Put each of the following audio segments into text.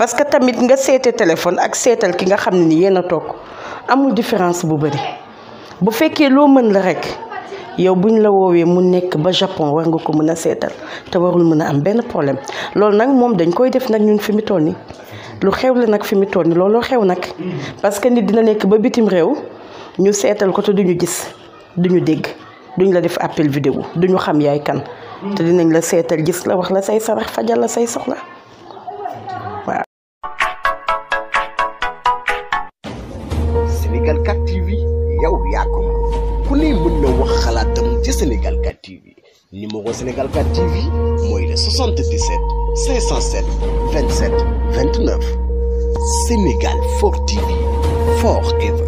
parce que tamit nga seete téléphone ak seetal ki nga xam ne ni yéen a toog amul différence bu bëri bu fekkee loo mën la rek yow buñ la woowee mu nekk ba Japon war nga ko mën a seetal te warul mën a am benn problème loolu nag moom dañ koy def nag ñun fi mu toll nii lu xew la nag fi mu toll nii looloo xew nag parce que nit dina nekk ba bitim réew ñu seetal ko te duñu gis duñu dégg duñ la def appel vidéo duñu xam yaay kan te dinañ la seetal gis la wax la say sarax fajal la say soxla ne mën na wax xalaatam ci Sénégal 4 TV numéro Sénégal 4 TV mooy le 77 507 27 29 Sénégal 4 TV forever.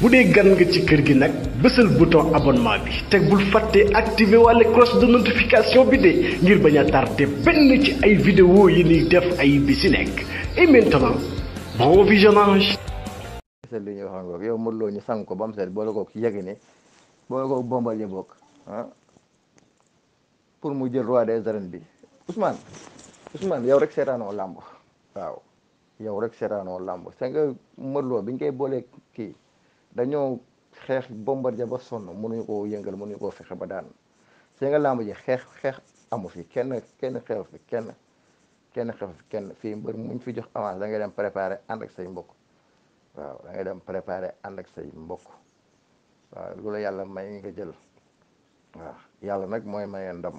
bu dee gan nga ci kër gi nag bésal bouton abonnement bi teg bul fàtte activé walla cloche de notification bi de ngir bañ a tardé benn ci ay vidéo yi ni def ay bi si et maintenant bon visionnage. sa li ñuy waxoon boog yow mënuloo Lo ñu sang bam ba mu set boole koog Yékini boole koog Bombardier boog ah pour mu jël roi de arènes bi Ousmane Ousmane yow rek seetaanoo làmb waaw yow rek seetaanoo làmb c'est que Modou Lo bi ñu koy boolee kii dañoo xeex ja ba sonn mënuñu koo yëngal mënuñu koo fexe ba daan c'est làmb ji xeex xeex amu fi kenn kenn xew fi kenn kenn xew fi kenn fii mbër muñ fi jox avance da ngay dem préparer ànd ak say mbokk waaw da ngay dem préparer ànd ak say mbokk waaw lu la yàlla may nga jël waaw yàlla nag mooy maye ndam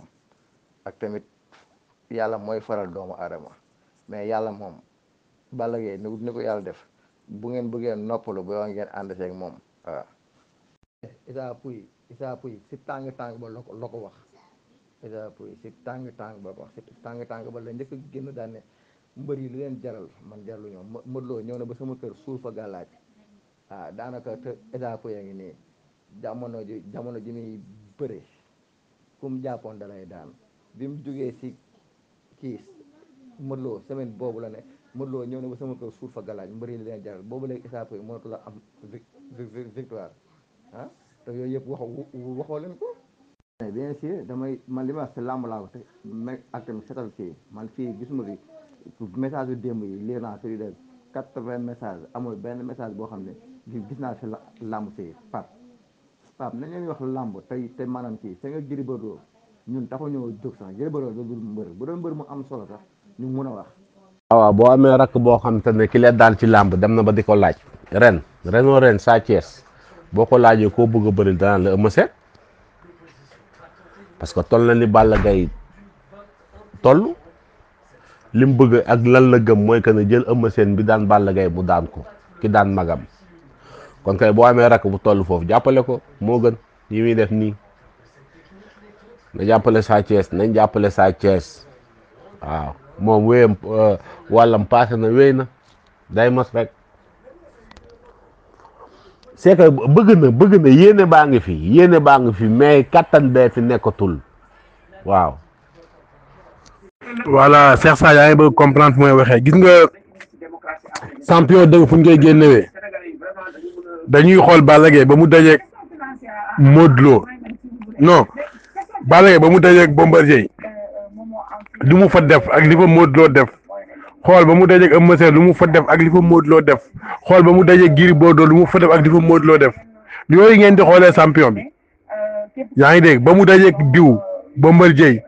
ak tamit yàlla mooy faral doomu aadama mais yàlla moom Balla Gaye ni ni ko yàlla def bu ngeen bëggee noppalu ba ngeen ànd seeg moom waaw. Issa Pouye Issa Pouye si tàng tàng ba loo ko wax Issa Pouye si tàng tàng ba wax tàng tàng ba la njëkk génn daan mbër yi li leen jaral man jaralu ñoom ma Modou loo ñëw na ba sama kër suul fa gàllaaj waaw daanaka te état ko yaa ngi nii jamono ji jamono ji muy bëre ku jàppoon dalay daan bi mu jógee si kii Modou Lo semaine boobu la ne Modou Lo ñëw na ba sama kër suul fa gàllaaj mbër yi li leen jaral boobu léegi état ko yi mënatu la am victoire ah te yooyu yëpp wax waxoo leen ko bien sûr damay man li ma si làmb laa ko te mais ak fii man fii gisuma fi message yu démb yi lire naa plus de quatre-vingts messages amul benn message boo xam ne gis naa fi làmb si pap pap nañ leen wax làmb tey te maanaam kii sa nga Gris Bordeaux ñun taxu ñëw jóg sax Gris Bordeaux dul bu doon mbër mu am solo sax ñu mun a wax ah waaw boo amee rakk boo xam te ne ki leen daan ci làmb dem na ba di ko laaj ren renoo ren saa Thiès boo ko laajee koo bëgg a bëril danaan la Eumeu Sène parce que toll na ni Balla Gaye toll li bëgg ak lan la gëm mooy que ne jël Eumeu bi daan Balla Gaye mu daan ko ki daan magam kon kay boo amee rakk bu toll foofu jàppale ko moo gën yi muy def nii na jàppale Sa Thiès nañ jàppale Sa Thiès waaw moom wéyam euh, wàllam passé na wéy na day mos rek c'est bëgg na bëgg na yéene baa ngi fi yéene baa ngi fi mais kattan bee fi nekkatul waaw voilà Cheikh Sa yaa ngi bëgg comprendre fu may waxee gis nga champion dëgg fu ñu koy génnewee dañuy xool Balla ba mu dajeeg Modou Lo non ba mu dajeeg Bombardier lu mu fa def ak li fa Modou def xool ba mu dajeeg Eumeu Sène lu mu fa def ak li fa Modou Lo def xool ba mu dajeeg Gris Bordeaux lu mu fa ak li fa Modou def yooyu ngeen di xoolee champion bi yaa ngi dégg ba mu dajeeg diw Bombardier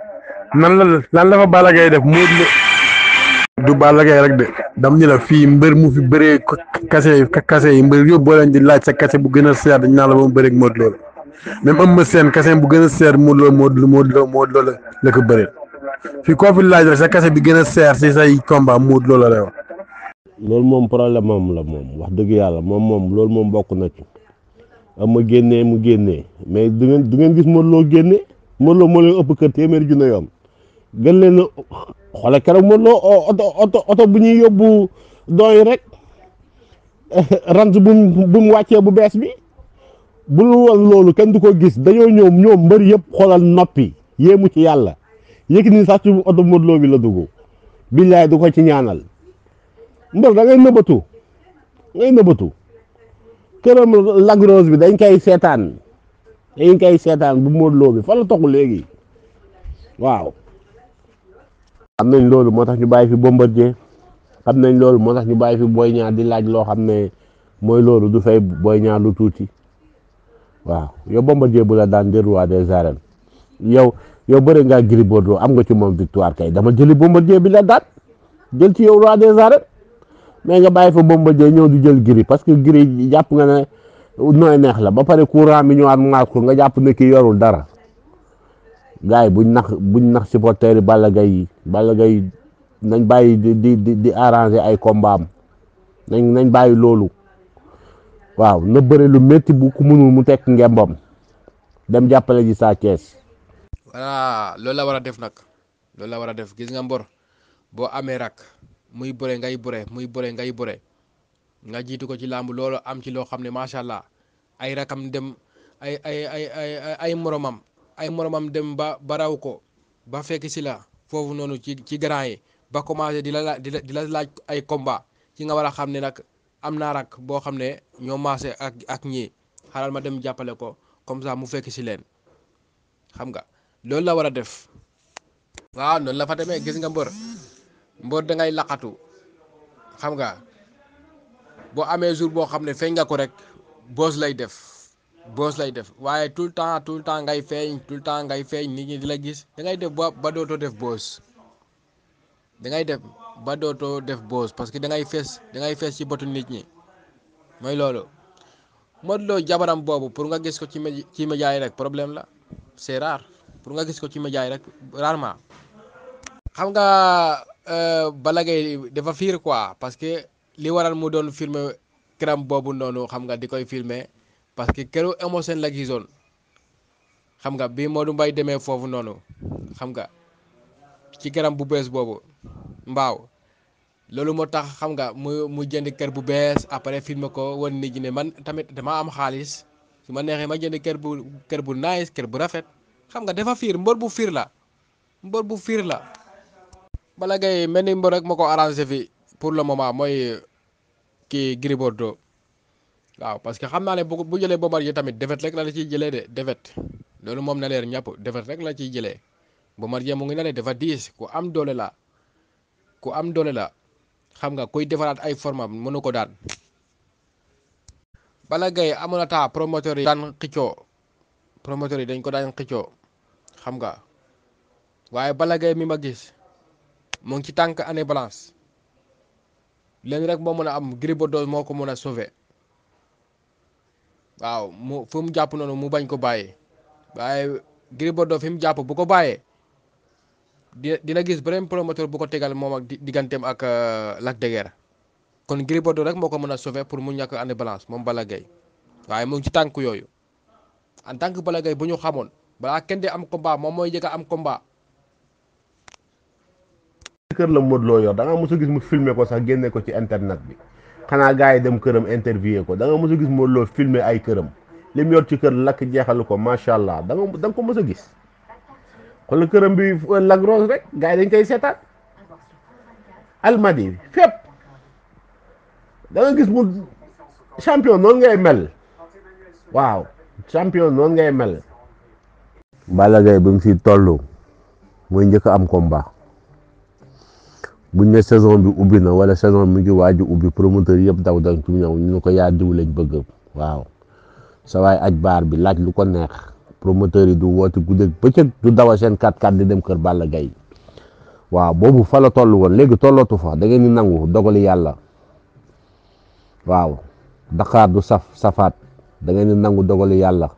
nan la nan la fa Balla def Modou Lo du Balla rek de dam ni la fii mbër mu fi bëree kase kase yi mbër yóbbu boo leen di laaj sa kase bu gën a seer dañ naan la ba mu bëreeg Modou Lo la même Eumeu bu gën a seer Modou Lo Modou ko bëreel fii koo fi laaj rek sa kase bi gën a seer si say combat Modou Lo la lay loolu moom problème am la moom wax dëgg yàlla moom moom loolu moom bokk na ci ma génnee mu génnee mais du ngeen du ngeen gis Modou Lo génne Modou Lo moo leen ëpp kër téeméeri junne yoon gën leen xoolal keroog mën loo oto oto oto bu ñuy yóbbu dooy rek range bu bu mu wàccee bu bees bi bul woon loolu kenn du ko gis dañoo ñëw ñoom mbër yépp xoolal noppi yéemu ci yàlla Yékini sax ci oto Modou bi la dugg billaay du ko ci ñaanal mbër da ngay nëbatu ngay nëbatu këram lagrose bi dañ koy seetaan dañ koy seetaan bu Modou bi fa la toog léegi waaw xam nañ loolu moo tax ñu bàyyi fi Bombardier xam nañ loolu moo tax ñu bàyyi fi Boy Niang di laaj loo xam ne mooy loolu du fay Boy Niang lu tuuti waaw yow Bombardier bu la daan di roi des arènes yow bëri ngaa Gris Bordeaux am nga ci moom victoire kay dama jëli Bombardier bi la daan jël ci yow roi de arènes mais nga bàyyi fa Bombardier ñëw di jël Gris parce que Gris jàpp nga ne nooy neex la ba pare courant mi ñëwaat mu ko nga jàpp ne ki yorul dara. gars buñ nax buñ nax supporters yi Balla Gaye yi Balla Gaye nañ bàyyi di di di di ay combat am nañ nañ bàyyi loolu waaw na bëre lu métti bu ku mënul mu tekk ngembam dem jàppale ji saa Thiès. loolu la war a def nag loolu la war a def gis nga mbor boo amee rak muy bore ngay bëre muy bëre ngay bëre nga jiitu ko ci làmb loolu am ci loo xam ne macha allah ay rakam dem ay ay ay ay moroomam dem ba ba raw ko ba fekk si la foofu noonu ci ci grand yi ba commencé di la laaj di la laaj ay combat ci nga war a xam ne nag am naa rak boo xam ne ñoo maase ak ak ñii xaaral ma dem jàppale ko comme ça mu fekk si leen xam nga loolu la war a def. waaw noonu la fa demee gis nga mbër mbër dangay ngay laqatu xam nga boo amee jour boo xam ne feeñ nga ko rek boos lay def. boos lay def waaye tout le temps tout le temps ngay feeñ tout le temps ngay feeñ nit ñi di la gis da ngay def ba dootoo def boos da ngay def ba dootoo def boos parce que da ngay fees da ngay fees ci botu nit ñi mooy loolu Modou Lo jabaram boobu pour nga gis ko ci ci média yi rek problème la c'est rare pour nga gis ko ci média yi rek rarement xam nga euh, Balla Gaye dafa fiir quoi parce que li waral mu doon filme këram boobu noonu xam nga di koy filmer parce que keroog émotion la gisoon xam nga bii Modou Mbaye demee foofu noonu xam nga ci këram bu bees boobu mbaaw loolu moo tax xam nga mu mu jënd kër bu bees après filmer ko woon nit ne man tamit dama am xaalis ma neexee ma jënd kër bu bu nice kër bu rafet xam nga dafa fiir mbër bu fiir la mbër bu fiir la. Balla Gaye mel ni mbër rek ma ko arrangé fi pour le moment mooy ki Gris waaw parce que xam naa ne bu bu jëlee Bombardier tamit defet rek la la ciy jëlee de defet loolu moom na leer ñàpp defet rek la ciy jëlee Bombardier mu ngi ne dafa diis ku am doole la ku am doole la xam nga kuy defaraat ay format mënu ko daan. Balla Gaye amoon na taa promoteur yi daan xiccoo promoteur yi dañ ko daan xiccoo xam nga waaye Balla Gaye mi ma gis mu ngi ci tànk année balance len rek moo mën a am Gris Bordeaux moo ko mën a sauver. waaw mu fu mu jàpp noonu mu bañ ko bàyyi waaye Gris Bordeaux fi mu jàpp bu ko bàyyee di dina gis beneen promoteur bu ko tegal moom ak digganteem ak euh, Lac de Guiers kon Gris Bordeaux rek moo ko mën a sauver pour mu ñàkk andi balance moom Balla Gaye waaye mu ci tànk yooyu en tant que bu ñu xamoon balaa kenn di am combat moom mooy njëkk am combat. kër la Modou Lo yor da nga mos a gis mu filmer ko sax génne ko ci internet bi. xanaa gars yi dem këram interviewé ko danga nga mës a gis Modou Lo ay këram li yor ci kër lakk jeexalu ko macha allah da danga ko mës a gis xoolal këram bi euh, Lac Rose rek gars yi dañ koy almadi fépp da gis mu champion noonu ngay mel waaw champion noonu ngay mel. Balla Gaye bi mu si toll mooy njëkk am combat. bu ne saison bi ubbi na wala saison bi mu ngi waaj ubbi promoteur yëpp daw dañ ci ñëw ñu ne ko yaa diw lañ bëgg waaw sa waay aj baar bi laaj lu ko neex promoteur yi du woote guddeeg bëccëg du dawa seen kat kat di dem kër Balla Gaye waaw boobu fa la toll woon léegi tollootu fa da ngeen di nangu dogali yàlla waaw Dakar du safaat da di nangu dogali yàlla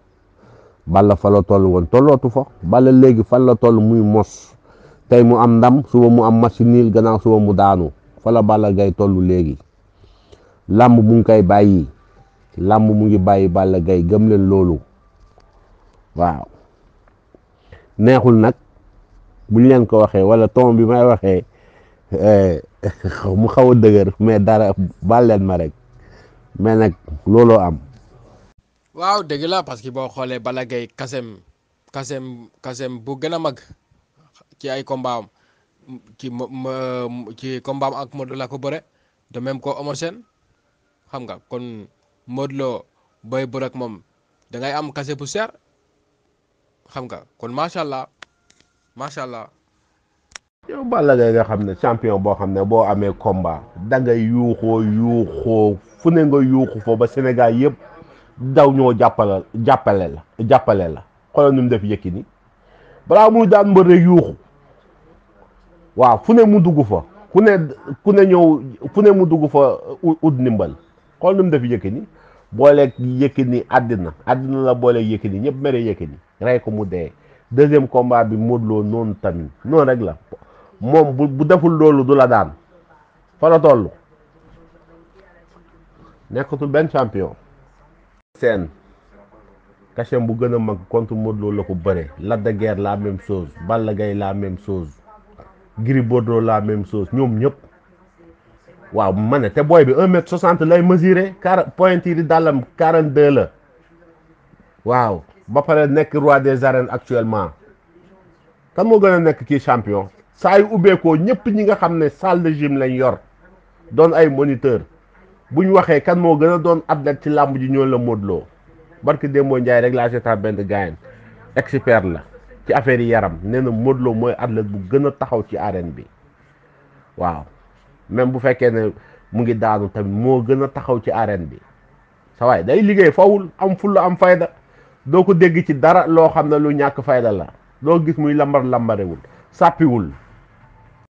Balla fa la toll woon tollootu fa Balla léegi fan la toll muy mos. tey mu am ndam suba mu am match nul gannaaw suba mu daanu fa la Balla Gaye tollu léegi làmb mu ngi koy bàyyi làmb mu ngi bàyyi Balla Gaye gëm loolu waaw neexul nag buñ leen ko waxee wala tom bi ma may waxee eh, mu xaw a dëgër mais dara baal leen ma rek mais nag looloo am. waaw dëgg la parce que boo xoolee bala gay kasem kasem kasem bu gën a mag. ci ay combat am ci ci combat am ak Modou Lo ko bore de même ko Omar Sène xam nga kon Modou Lo bay bëre moom da ngay am kase bu seer xam nga kon macha allah macha allah. yow Balla Gaye nga xam ne champion boo xam ne boo amee combat dangay yuuxoo yuuxoo fu ne nga yuuxu foo ba Sénégal yëpp daw ñoo jàppale jàppale la jàppale la xoolal nu mu def ni daan mbër rek waaw fu ne mu dugg fa ku ne ku ne ñëw fu ne mu dugg fa ut ndimbal xool nu mu def Yékini booleeg Yékini àddina àddina la booleeg Yékini ñëpp mere Yékini rey ko mu dee deuxième combat bi Modou noonu tamit noonu rek la moom bu deful loolu du la daan fa la toll nekkatul benn champion. seen cachet bu gën a mag contre Modou Lo la ko bëre Lac de Guiers la même chose Balla Gaye la même chose. Gris Bordeaux la même chose ñoom ñëpp waaw ma ne te booy bi un mètre soixante lay mesurer quarante point yi dàllam quarante deux la waaw ba pare nekk roi des arènes actuellement kan moo gën a nekk kii champion saa yu ubbeekoo ñëpp ñi nga xam ne salle de gym lañ yor doon ay moniteur bu ñu waxee kan moo gën a doon athlète ci làmb ji ñoo la Modou Lo barki démboo Njaay rek laa seetaan benn gaayen expert la ci affaire yaram nee na Modou Lo mooy athlète bu gën a taxaw ci arène bi waaw même bu fekkee ne mu ngi daanu tamit moo gën a taxaw ci arène bi sa day liggéey fawul am fulla am fayda doo ko dégg ci dara loo xam ne lu ñàkk fayda la doo gis muy lambar lambariwul sàppiwul